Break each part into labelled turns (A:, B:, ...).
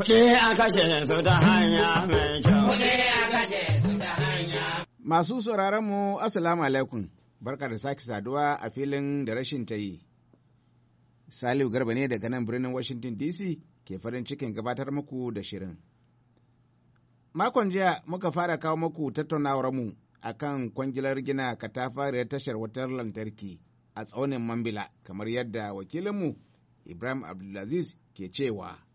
A: Kuɗi a kashe su ta hanya mai kyau. Kuɗi
B: a kashe su ta hanya.
A: Masu sauraron mu Assalamu alaikum. Barka da sake saduwa a filin da rashin ta yi. Salihu Garba ne daga nan birnin Washington DC ke farin cikin gabatar muku da shirin. Makon jiya muka fara kawo muku tattaunawar mu akan kwangilar gina katafariyar tashar wutar lantarki a tsaunin Mambila kamar yadda wakilinmu Ibrahim Abdulaziz ke cewa.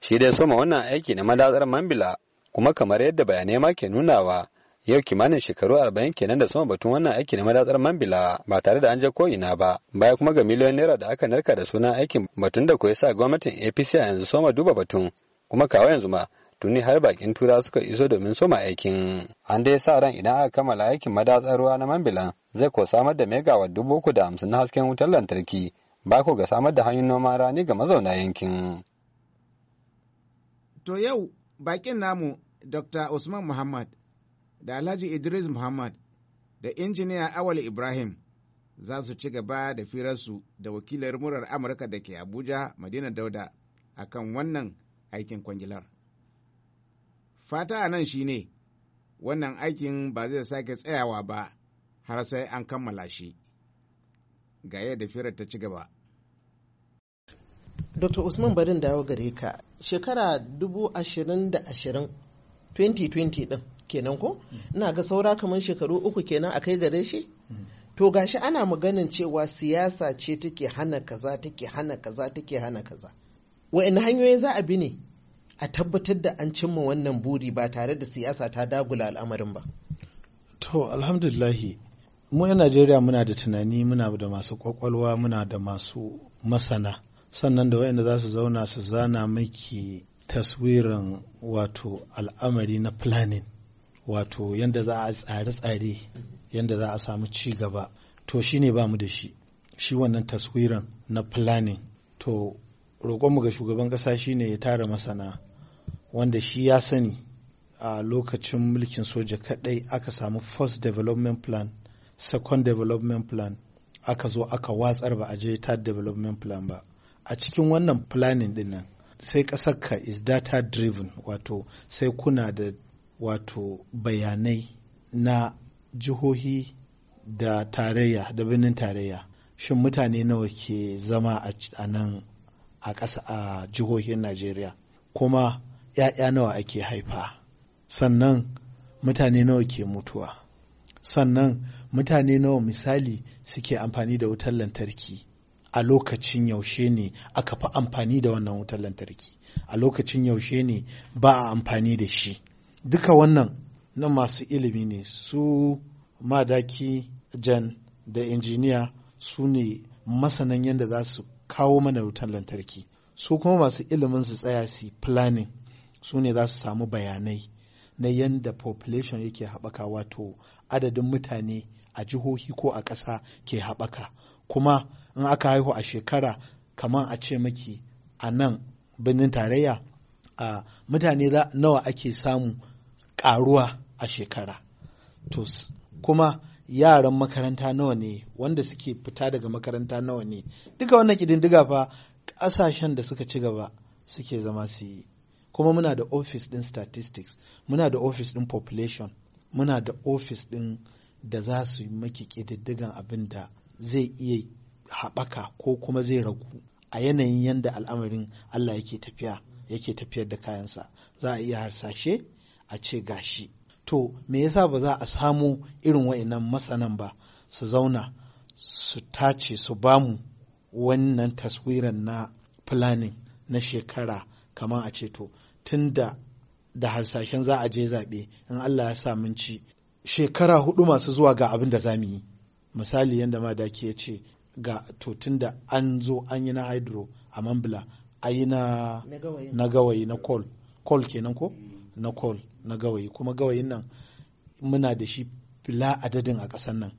C: shi dai soma wannan aiki na madatsar mambila kuma kamar yadda bayanai ma ke nunawa yau kimanin shekaru arba'in kenan da soma batun wannan aiki na madatsar mambila ba tare da an je ko'ina ba baya kuma ga miliyan naira da aka narka da sunan aikin batun da kuwa sa gwamnatin apc a yanzu soma duba batun kuma kawo yanzu ma tuni har bakin tura suka iso domin soma aikin an dai sa ran idan aka kammala aikin madatsar ruwa na mambilan zai ko samar da megawatt dubu uku da hamsin na hasken wutar lantarki ba ko ga samar da hanyoyin noman rani ga mazauna yankin
A: To yau bakin namu Dr. Usman Muhammad da Alhaji Idris Muhammad da injiniya Awal Ibrahim za su ci gaba da firarsu da wakilar murar Amurka da ke Abuja Madina Dauda akan wannan aikin kwangilar. Fata a nan shi ne, wannan aikin ba zai sake tsayawa ba har sai an kammala shi. Ga yadda firar ta ci gaba.
D: Dr. Usman barin dawo gare ka shekara dubu ashirin da ashirin 2020 din kenan ko mm. ina ga saura kamar shekaru uku kenan a kai gare shi mm. to gashi ana maganin cewa siyasa ce take hana kaza take hana kaza take hana kaza waina hanyoyi za a bi ne a tabbatar da an cimma wannan buri ba tare da siyasa ta dagula al'amarin ba
C: to alhamdulillahi mu yan najeriya muna da tunani muna da masu kwakwalwa muna da masu masana sannan da wayanda za su zauna su zana maki taswirin wato al'amari na planning wato yadda za a tsare-tsare yadda za a samu ci gaba to shi ne bamu da shi shi wannan taswirin na planning to roƙonmu ga shugaban ƙasa shi ne ya tara masana wanda shi ya sani a lokacin mulkin soja kadai aka samu first development plan second development plan aka zo aka watsar ba a je third development plan ba a cikin wannan planning din nan sai ka is data driven wato sai kuna da wato bayanai na jihohi da tarayya da birnin tarayya shin mutane nawa ke zama a nan a ƙasa a jihohin najeriya kuma ‘ya'ya nawa ake haifa sannan mutane nawa ke mutuwa sannan mutane nawa misali suke amfani da wutar lantarki a lokacin yaushe ne aka fi amfani da wannan wutar lantarki a lokacin yaushe ne ba a amfani da shi duka wannan na masu ilimi ne su madaki jan da injiniya su ne masanan yadda za su kawo mana wutar lantarki su kuma masu ilimin su tsaya su planning su ne za su samu bayanai na yadda population yake haɓaka wato adadin mutane a jihohi ko a ƙasa ke haɓaka kuma in aka haihu a shekara kamar a ce maki a nan birnin tarayya a mutane nawa ake samu karuwa a shekara to kuma yaran makaranta nawa ne wanda suke fita daga makaranta nawa ne duka wannan kididdiga fa ƙasashen da suka ci gaba suke zama su yi kuma muna da ofis din statistics muna da ofis din population muna da ofis din da za su yi maki ƙididdigan abin da zai iya haɓaka ko kuma zai ragu a yanayin yadda al'amarin Allah yake tafiya yake tafiyar da kayansa za a iya harsashe a ce gashi to me yasa ba za a samu irin wa'annan masanan ba su zauna su tace su bamu wannan taswiran na planning na shekara kamar a ce to tun da da harsashen za a je zaɓe in Allah ya sa mun ci shekara hudu masu zuwa ga abin da za mu yi misali yadda ma da ya ce ga to tunda an zo an yi na hydro a mambila a yi na na gawayi na coal coal kenan ko mm. na coal na gawayi kuma gawayin nan muna da shi fila adadin a ƙasar nan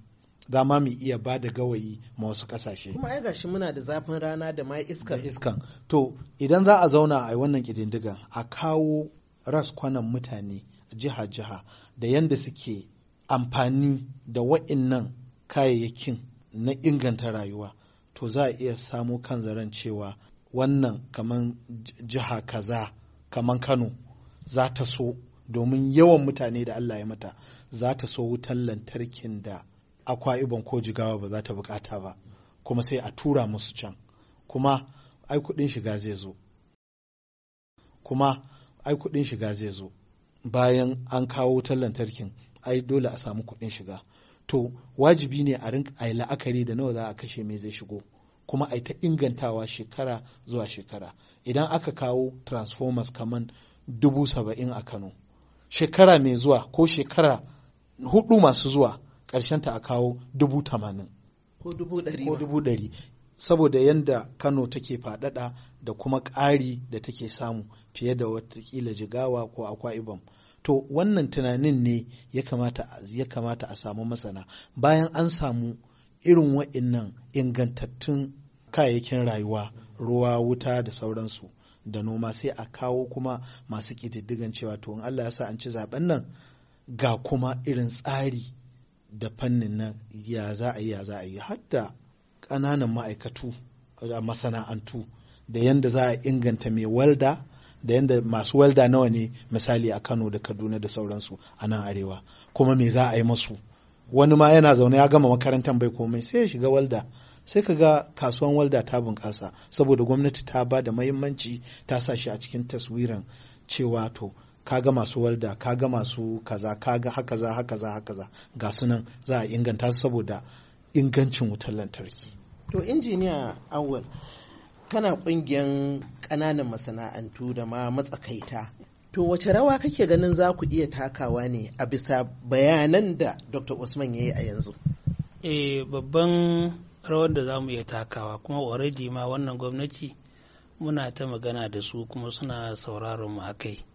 C: za ma mu iya ba da gawayi ma wasu kasashe.
D: Kuma ai gashi muna da zafin rana da ma iskan.
C: Iskan. To idan za a zauna a wannan kididdigan a kawo raskwanan mutane jiha-jiha da yanda suke amfani da wa'innan kayayyakin na inganta rayuwa to za a iya samo kan zaren cewa wannan kaman jiha kaza kaman kano za ta so domin yawan mutane da allah ya mata za ta so wutan lantarkin da akwa ibon ko jigawa ba za ta bukata ba kuma sai a tura musu can kuma ai kudin shiga zai zo kuma ai kudin shiga zai zo bayan an kawo wutan lantarkin ai dole a samu kudin shiga to wajibi ne a rinka a la'akari da nawa za a kashe mai zai shigo kuma a ta ingantawa shekara zuwa shekara idan aka kawo transformers kamar dubu saba'in a kano shekara mai zuwa ko shekara hudu masu zuwa ta a kawo dubu tamanin
D: ko dubu
C: ɗari saboda yadda kano take faɗaɗa da kuma ƙari da take samu fiye da watakila jigawa ko akwa ibom to wannan tunanin ne ya kamata a samu masana bayan an samu irin wa'innan ingantattun kayayyakin rayuwa ruwa wuta da sauransu da noma sai a kawo kuma masu ƙididdigan cewa to in Allah ya sa an ci zaben nan ga kuma irin tsari da fannin nan ya za a yi ya za a yi hatta ƙananan ma'aikatu masana'antu da yanda za a inganta mai walda da yadda masu walda nawa ne misali a kano da kaduna da sauransu a nan arewa kuma me za a yi masu wani ma yana zaune ya gama makarantar bai komai sai ya shiga walda sai ka ga kasuwan walda ta bunƙasa saboda gwamnati ta ba da mahimmanci ta sa shi a cikin taswiran cewa to kaga masu walda kaga masu kaza kaga haka za haka za haka za ga sunan za a inganta su saboda ingancin wutar lantarki
D: to injiniya awal kana kungiyan ƙananan masana'antu da ma
B: matsakaita
D: to wace rawa kake ganin za ku iya takawa ne a bisa bayanan da dr usman ya yi a yanzu
B: eh babban rawar da za mu iya takawa kuma already ma wannan gwamnati muna ta magana da su kuma suna sauraron mu akai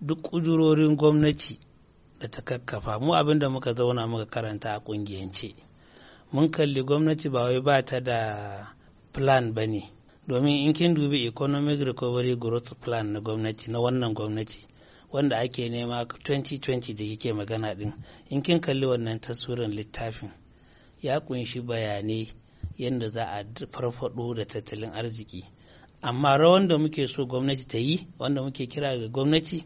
B: duk kujurorin gwamnati da ta kakkafa mu abin da muka zauna muka karanta a kungiyance mun kalli gwamnati ba wai ba ta da plan ba ne domin in kin dubi economic recovery growth plan na gwamnati na wannan gwamnati wanda ake nema 2020 da yake magana din in kin kalli wannan taswirin littafin ya kunshi bayanai yadda za a farfado da tattalin arziki amma rawan da muke so gwamnati ta yi wanda muke kira ga gwamnati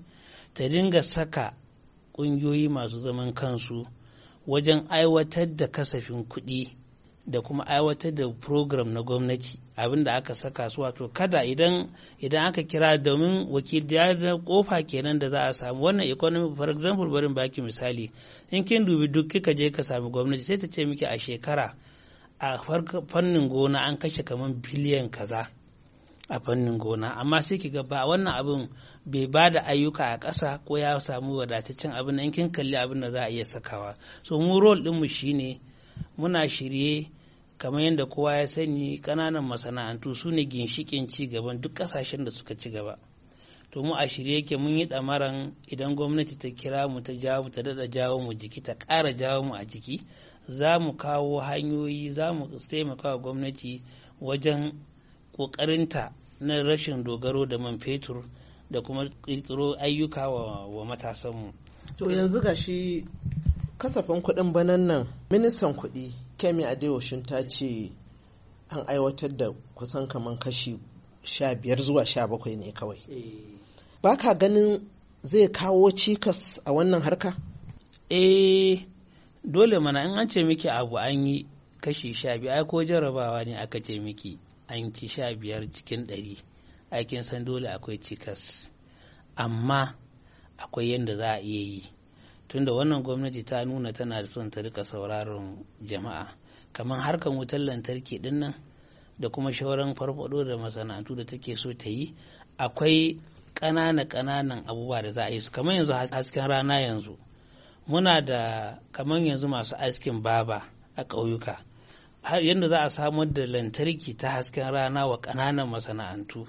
B: ta dinga saka ƙungiyoyi masu zaman kansu wajen aiwatar da kasafin kuɗi da kuma aiwatar da program na gwamnati abin da aka saka su wato kada idan idan aka kira domin wakil da kofa kenan da za a samu wannan economy for example barin baki misali in kin dubi duk kika je ka samu gwamnati sai ta ce miki a shekara a fannin gona an kashe kamar biliyan kaza a fannin gona amma sai ki ga ba wannan abin bai ba da ayyuka a ƙasa ko ya samu wadataccen abin in kin kalli abin da za a iya sakawa so mu role ɗinmu shine muna shirye kamar yadda kowa ya sani ƙananan masana'antu su ne ginshikin ci gaban duk ƙasashen da suka ci gaba to mu a shirye yake mun yi damaran idan gwamnati ta kira mu ta jawo mu ta dada jawo mu jiki ta ƙara jawo mu a jiki za mu kawo hanyoyi za mu taimaka wa gwamnati wajen ƙoƙarinta na rashin dogaro da man fetur da kuma ƙirƙiro ayyuka wa matasanmu to yanzu gashi
D: kasafin kuɗin banan nan ministan kuɗi kemi adeyoshin ta ce an aiwatar da kusan kamar kashi sha biyar zuwa sha bakwai ne kawai eh. ba ka ganin zai kawo cikas a wannan harka
B: eh dole mana in an ce miki abu an yi kashi sha biyu ai ko jarabawa ne aka ce miki an ci sha biyar cikin ɗari aikin san dole akwai cikas amma akwai yadda za a iya yi tunda wannan gwamnati ta nuna tana son ta rika sauraron jama'a kamar harkar wutar lantarki din da kuma shauran farfado da masana'antu da take so ta yi akwai ƙanana-ƙananan abubuwa da za a yi su kamar yanzu hasken rana yanzu muna da kamar yanzu masu askin baba a ƙauyuka yadda za a samar da lantarki ta hasken rana wa ƙananan masana'antu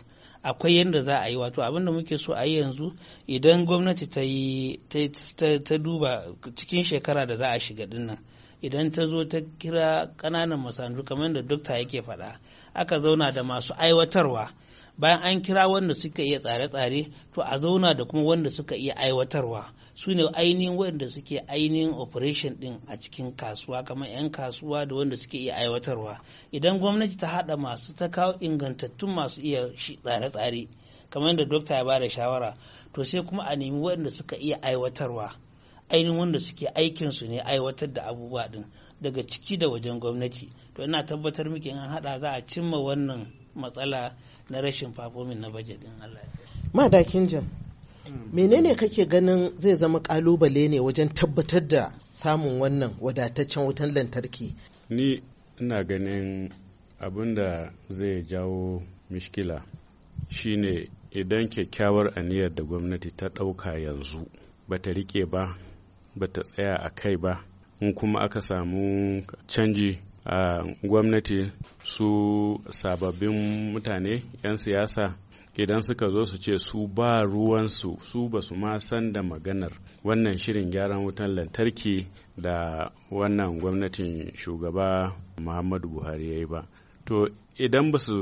B: akwai yadda za a yi wato abin da muke so a yi yanzu idan gwamnati ta yi ta duba cikin shekara da za a shiga dinnan idan ta zo ta kira kananan masandu kamar da dokta yake faɗa aka zauna da masu aiwatarwa bayan an kira wanda suka iya tsare-tsare to a zauna da kuma wanda suka iya aiwatarwa su ne ainihin wanda suke ainihin operation din a cikin kasuwa kamar 'yan kasuwa da wanda suke iya aiwatarwa idan gwamnati ta haɗa masu ta kawo ingantattun masu iya tsare-tsare kamar yadda dokta ya bada shawara to sai kuma a nemi wanda suka iya aiwatarwa ainihin wanda suke aikin su ne aiwatar da abubuwa din daga ciki da wajen gwamnati to ina tabbatar muke an hada za a cimma wannan matsala na rashin fafomin na bajet din Allah
D: madakin jan menene kake ganin zai zama kalubale ne wajen tabbatar da samun wannan wadataccen wutan lantarki
E: ni ina ganin abin da zai jawo mishkila shine idan kyakkyawar aniyar da gwamnati ta ɗauka yanzu ba ta rike ba ba ta tsaya a kai ba in kuma aka samu canji a gwamnati su sababbin mutane 'yan siyasa idan suka zo su ce su ba ruwansu su ba su ma san da maganar wannan shirin gyaran wutan lantarki da wannan gwamnatin shugaba muhammadu buhari ya yi ba to idan ba su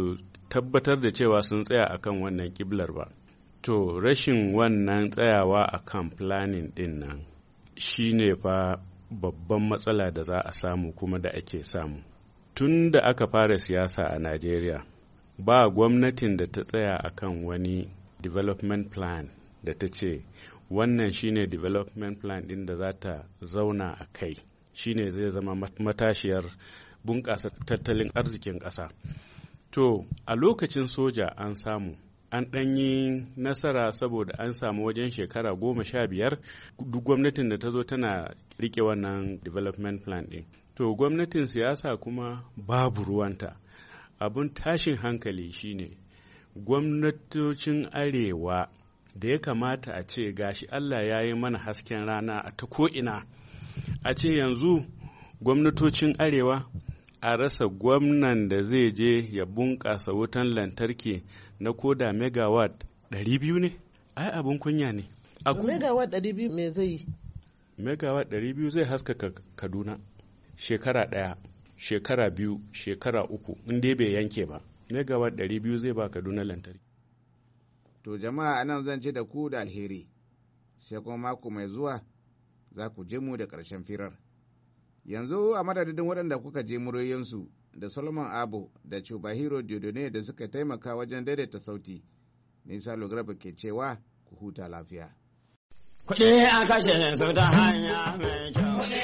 E: tabbatar da cewa sun tsaya a kan wannan kiblar ba to rashin wannan tsayawa akan planning din nan ne fa babban matsala da za a samu kuma da ake samu tun da aka fara siyasa a najeriya ba gwamnatin da ta tsaya akan wani development plan da ta ce wannan shine development plan din da za ta zauna a kai shine zai zama matashiyar bunƙasa tattalin arzikin ƙasa to a lokacin soja an samu an ɗanyi nasara saboda an samu wajen shekara goma sha biyar duk gwamnatin da ta zo tana rike wannan development plan ɗin to gwamnatin siyasa kuma babu ruwanta abun tashin hankali shine gwamnatocin arewa da ya kamata a ce gashi Allah ya yi mana hasken rana a ta ko'ina a ce yanzu gwamnatocin arewa a rasa gwamnan da zai je ya bunƙasa wutan lantarki na koda megawatt ɗari biyu ne ai abin kunya ne
D: megawatt biyu me zai yi
E: megawatt biyu zai haskaka kaduna shekara ɗaya shekara biyu shekara uku in dai bai yanke ba megawatt ɗari biyu zai ba kaduna lantarki
A: to jama'a anan zan ce da ku da alheri sai kuma mako mai zuwa za ku je mu da ƙarshen firar yanzu a madadin waɗanda kuka je muryoyinsu da solomon abu da chubahiro diodone da suka taimaka wajen daidaita sauti nisa lograba ke cewa ku huta lafiya kuɗi a kashe sauta hanya mai
E: kyau